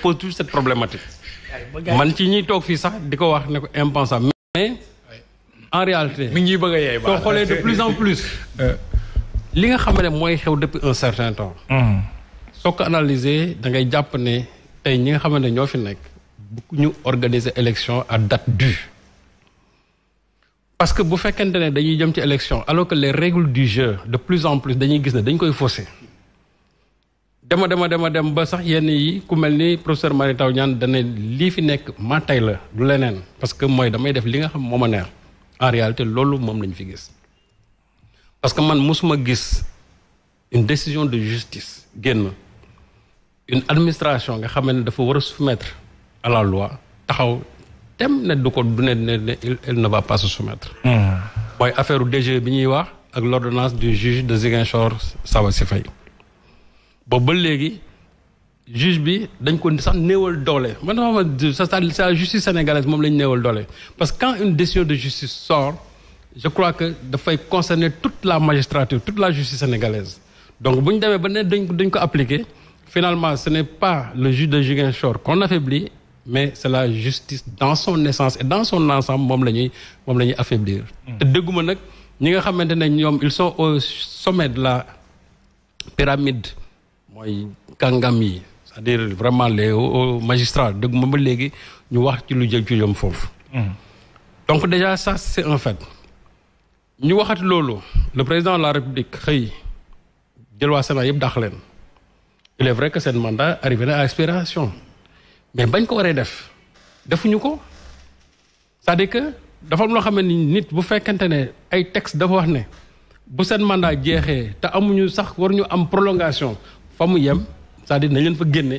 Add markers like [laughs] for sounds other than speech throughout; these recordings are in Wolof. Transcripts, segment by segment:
pose toujours cette problématique. man ci ñi tok fi sax diko wax ne ko impensable mais en réalité. mi ngi bëgg a yey soo xolé de plus en plus. Euh. li nga xam ne mooy xew depuis un certain temps. Hmm. soo ko analyser da ngay japp ne tay ñi nga xam ne ñoo fi nek ñu organiser élection à date due. parce que bu fekkente ne dañuy jëm ci élection alors que les règles du jeu de plus en plus dañuy gis ne dañ koy fausser dama dama dama dem ba sax yenn yi ku mel ni professeur Mary Taw Niane dana lii fi nekk ma tey la du leneen parce que mooy damay def li nga xam moo ma neex en réalité loolu moom lañ fi gis parce que man musuma gis une décision de justice génn une administration nga xam ne dafa war a soumettre à la loi taxaw tem ne du ko du ne ne elle ne va pas se soumettre hmm. mooy affaire DG bi ñuy wax ak l'ordonnance du juge de Ziguinchor Sabassy Faye boobu ba léegi juge bi dañ ko sax néewal man c'est la justice sénégalaise moom la ñu néewal parce que quand une décision de justice sort je crois que dafay concerner toute la magistrature toute la justice sénégalaise donc si demee ba dañ finalement ce n'est pas le juge de Ziguinchor qu'on affaiblit mais c'est la justice dans son essence et dans son ensemble moom la ñuy moom la ñuy affaiblir. Hmm. te ils sont au sommet de la pyramide mooy kàngam yi c'est-à-dire vraiment les magistrats dëgg ma ba léegi ñu wax ci lu jëm ci jëm foofu. Hmm. donc déjà ça c'est un fait ñu waxati loolu le président de la république xëy jël waa Sénat yëpp dàq leen il est vrai que seen mandat arrivé na à expiration mais bañ ko waree def defuñu ko c'est-à-dire que dafa am loo xam ne nit bu fekkente ne ay texte dafa wax ne bu seen mandat jeexee te amuñu sax ñu am prolongation fa mu yem c'est-à-dire nañ leen fa génne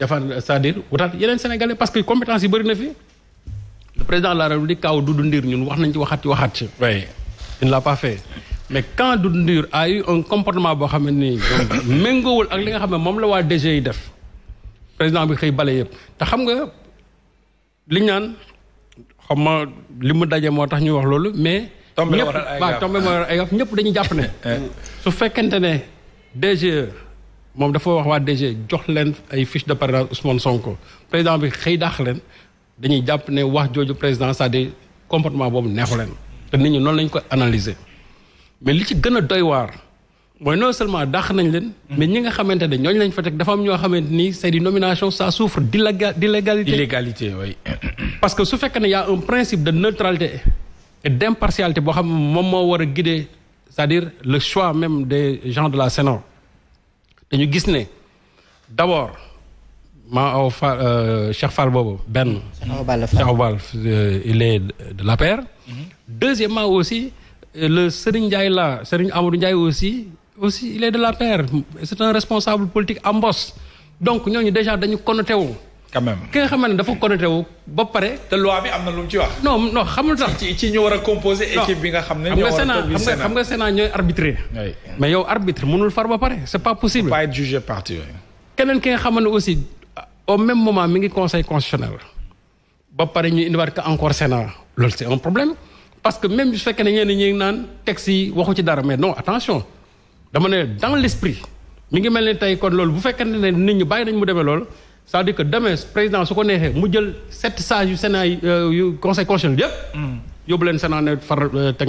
defar c'est-à-dire wutaat yeneen sénégalais parce que compétence yi bëri na fi le président de la république kaw Doudou Ndir ñun wax nañ ci waxaat ci waxaat ci. oui il ne l'a pas fait mais quand Doudou Ndir a un comportement boo xam ni nii. méngoowul ak li nga xam ne moom la waa DG yi def président bi xëy bale yëpp te xam nga li ñu naan xam ma li mu daje moo tax ñuy wax loolu mais. tombe waral ay gaaf ñëpp ay gaaf ñëpp dañuy jàpp ne. [laughs] Eh. su fekkente moom dafa wax waa DG jox leen ay fiche de parrainage Ousmane Sonko président bi xëy dàq leen dañuy jàpp ne wax jooju président c'est-à-dire comportement boobu neexu leen te nit ñi noonu lañ ko analyser mais li ci gën a doy waar mooy non seulement dàq nañ leen. mais ñi nga xamante ne ñooñu lañ fa teg dafa am ñoo xamante ni c'est des nominations ça souffre d'illégalité illégalité oui. [coughs] parce que su fekkee ne y a un principe de neutralité et d'impartialité boo xam moom moo war a guider c'est-à-dire le choix même des gens de la Sénat. dañu gis ne d'abord maa aw Fall euh, Cheikh Fall boobu benn. Cheikh Awa Balla euh, il de la per mm-hmm. deuxièmement aussi euh, le Serigne Ndiaye là Serigne Amadou Ndiaye aussi aussi il est de la paire c'est un responsable politique mbos donc ñooñu déjà dañu connoté wu. quand même ki nga xamante ne dafa connoté wu ba pare. te loi bi am na lu mu ci wax. non non xamul tax ci ci ñu war a composé équipe bi nga xam ne. ñoo war a xam nga xam nga Sénat ñooy arbitré. mais yow arbitre mënul far ba pare c'est pas possible. pas être jugé parti keneen ki nga xamante ne aussi au même moment mi ngi conseil constitutionnel ba pare ñu indiwaat ko encore Sénat loolu c' est un problème parce que même su fekkee ne ñenn ñi ngi naan texte yi waxu ci dara mais non attention dama ne dans l' esprit mi ngi mel ne tey kon loolu bu fekkee ne nit ñi bàyyi nañ mu demee loolu. Ça veut dire que demain le président su ko a mu jël sept sages du Sénat du euh, conseil constitutionnel il mm. yóbbu Sénat ne far euh, teg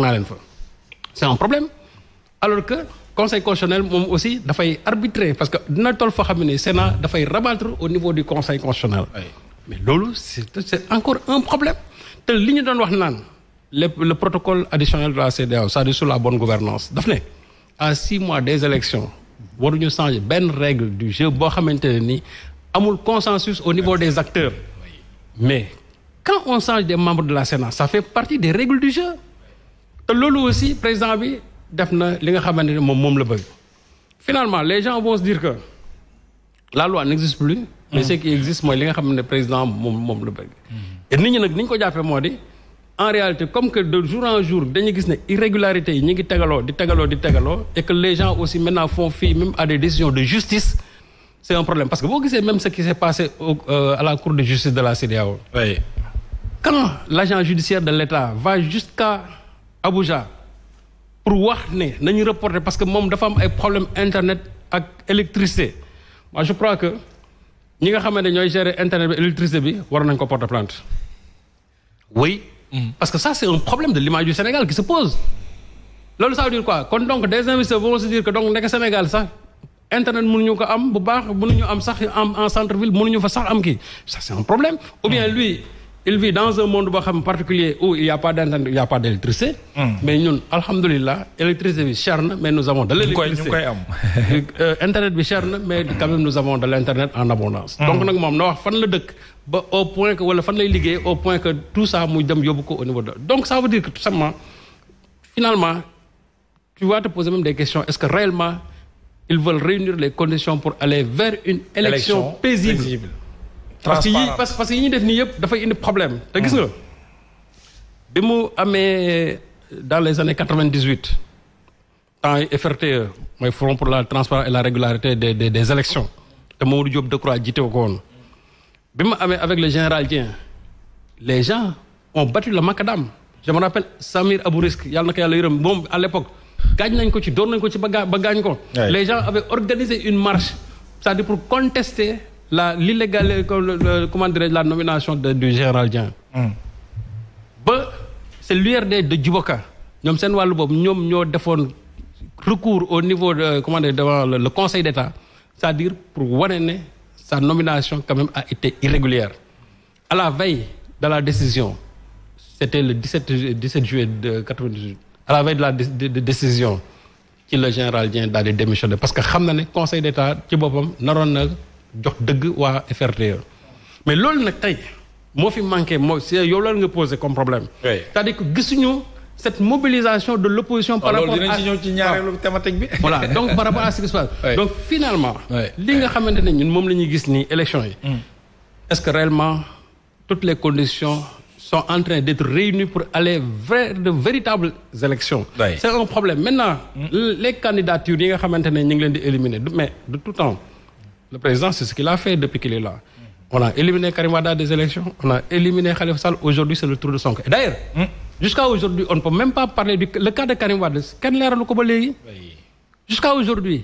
c'est un problème alors que le conseil constitutionnel moi aussi arbitrer parce que le Sénat a xam le Sénat rabattre au niveau du conseil constitutionnel. mais c'est encore un problème C'est li de doon wax le protocole additionnel de la CDA, cest à sur la bonne gouvernance daf à six mois des élections waruñu changer une règle du jeu boo xamante amul consensus au niveau des acteurs mais quand on change des membres de la Sénat ça fait partie des règles du jeu Lolo aussi président finalement les gens vont se dire que la loi n'existe plus mais ce qui existe moi li président et en réalité comme de jour en jour et que les gens aussi maintenant font fi même à des décisions de justice c'est un problème parce que vous savez même ce qui s'est passé euh, à la cour de justice de la CEDEAO. oui quand l'agent judiciaire de l'État va jusqu'à Abuja pour voir ne n'y reporter parce que moom dafa a problème internet et électricité moi je crois que nous nga gérer internet et électricité bi war nañ ko oui mm. parce que ça c'est un problème de l'image du Sénégal qui se pose L'autre, ça veut dire quoi Quand donc des investisseurs vont se dire que donc le Sénégal ça internet mënuñu ko am bu baax mënuñu am sax en centre ville mënuñu fa sax am ça c'est un problème ou bien lui il vit dans un monde boo xam particulier où il y a pas d'internet il y a pas d'électricité hmm. mais ñun alhamdulilah électricité bi cher mais nous avons de l'électricité am [laughs] euh, internet bi cher mais quand même nous avons de l'internet en abondance hmm. donc nag moom na wax fan la ba au point que wala fan lay liggéey au point que tout ça nous dem beaucoup ko au niveau de donc ça veut dire que tout simplement finalement tu vas te poser même des questions est-ce que réellement ils veulent réunir les conditions pour aller vers une élection, paisible. parce que y parce que yi problème te gis nga mm. dans les années 98, dans FRT FRTE le Front pour la transparence et la régularité des des, élections te a Diop de croix. avec le général les gens ont battu le macadam je me rappelle Samir Abourisk, à l'époque ko ci ko ci les gens avaient organisé une marche c'est-à-dire pour contester la l'illégalité de la nomination de du général Dian hmm. ba c'est l'URD de Djiboka ñom sen walu recours au niveau de devant le Conseil d'État c'est-à-dire pour wane ne sa nomination quand même a été irrégulière à la veille de la décision c'était le 17 juillet de à la de la décision qui le général vient d'aller démissionner. parce que le conseil d'État, ci boppam naroon na jox dëgg faire rire. mais ce qui est Moi, fi manqué c'est C'est yow loolu nga posé comme problème. cest à dire que gisuñu cette mobilisation de l'opposition par ah, rapport à voilà donc par rapport à ce qui se passe. donc finalement. li nga xamante ne ñun moom la ñuy hmm. est ce que réellement toutes les conditions sont en train d'être réunis pour aller vers de véritables élections. C'est un problème. Maintenant, mm. les candidatures, mais de tout temps, le président, c'est ce qu'il a fait depuis qu'il est là. On a éliminé Karim Wada des élections, on a éliminé Khalif Sall. Aujourd'hui, c'est le tour de son Et d'ailleurs, mm. jusqu'à aujourd'hui, on ne peut même pas parler du cas de Karim Wada. Oui. Jusqu'à aujourd'hui, ba Jusqu'à aujourd'hui,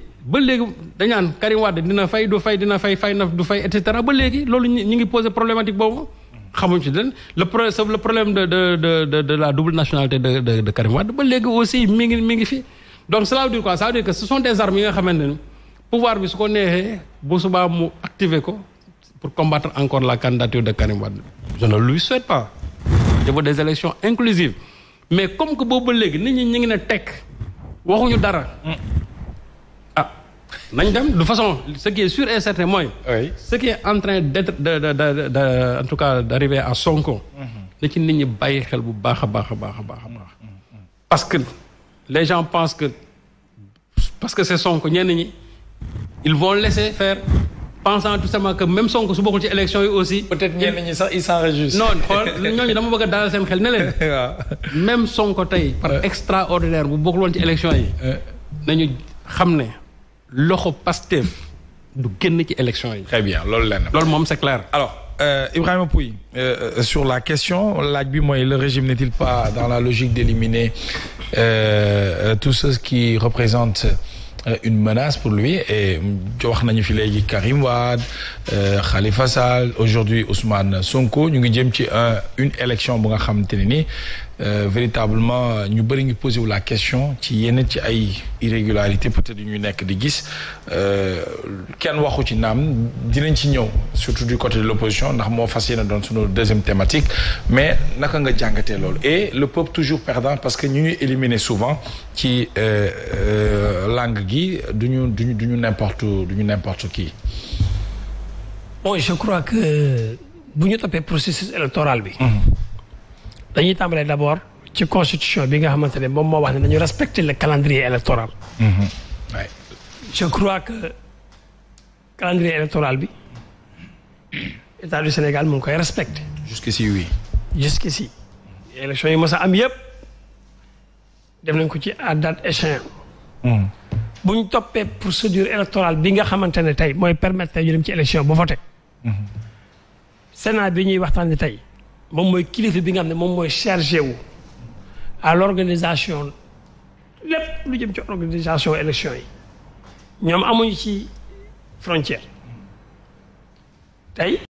Karim Wade dina fay du fay dina fay fay na du fay et cetera ba posé problématique xamuñ ci den le problème le problème de de de de de la double nationalité de de de Karim Wade ba léegi aussi mi ngi fi donc cela veut dire quoi ça veut dire que ce sont des armes yi nga xamante ne pouvoir bi su ko bu mu activer ko pour combattre encore la candidature de Karim Wade. je ne lui souhaite pas. je veux des élections inclusives mais comme que boobu ba léegi nit ñi ñu ngi ne tekk waxuñu dara. Mm nañ dem de façon ce qui est sûr et certain mooy. ce qui est en train d'être de de de en tout cas d'arriver à Sonko. na ci nit ñi bàyyi xel bu baax a baax a baax a baax parce que les gens pensent que parce que c'est Sonko ñenn ñi ils vont laisser faire pensant tout simplement que même Sonko su bokkul ci élection yi aussi. peut-être ñenn ñi sax ils s'en réjouissent. non xool ni dama bëgg a dalal seen xel ne [laughs] même Sonko tey. Euh. extraordinaire bu bokkul woon ci élection yi. Euh. nañu xam loxo pasteur du génn ci élection yi. très bien loolu lenn. c'est clair. alors euh, Ibrahima Pouy euh, sur la question laaj le régime n'est-il pas dans la logique d'éliminer euh, euh tous ceux qui représentent euh, une menace pour lui et wax nañu fi léegi Karim Wade Khalifa Sall aujourd'hui Ousmane Sonko ñu ngi jëm ci une élection bu nga xamante ni. Euh, véritablement ñu bari ngi poser la question ci yenn ci ay irrégularité peut-être ñu nek di gis euh, kenn waxu ci nam dinañ ci ñew surtout du côté de l'opposition ndax mo fas yéene deuxième thématique mais naka nga jangaté loolu et le peuple toujours perdant parce que ñu ñuy éliminer souvent ci euh, langue gi duñu duñu duñu n'importe duñu n'importe qui bon je crois que bu ñu fait processus électoral bi hum dañuy tàmbalee d' abord ci constitution bi nga xamante ne moom moo wax ne dañu respecter le calendrier électoral. Mhm. je crois que calendrier électoral bi état du Sénégal mu ngi koy jusqu'ici oui. jusqu'ici élections yi mës a am yëpp dem nañ ko ci à date échéance. Mhm. bu toppee procédure électorale bi nga xamante ne tey mooy permettre tey ñu dem ci élection bu voté. Mhm. Sénat bi ñuy waxtaanee tey moom moy kilifa bi nga xam ne moy mooy chargé wu à l'organisation lepp lu jëm ci organisation élection yi ñom amuñ ci frontière tay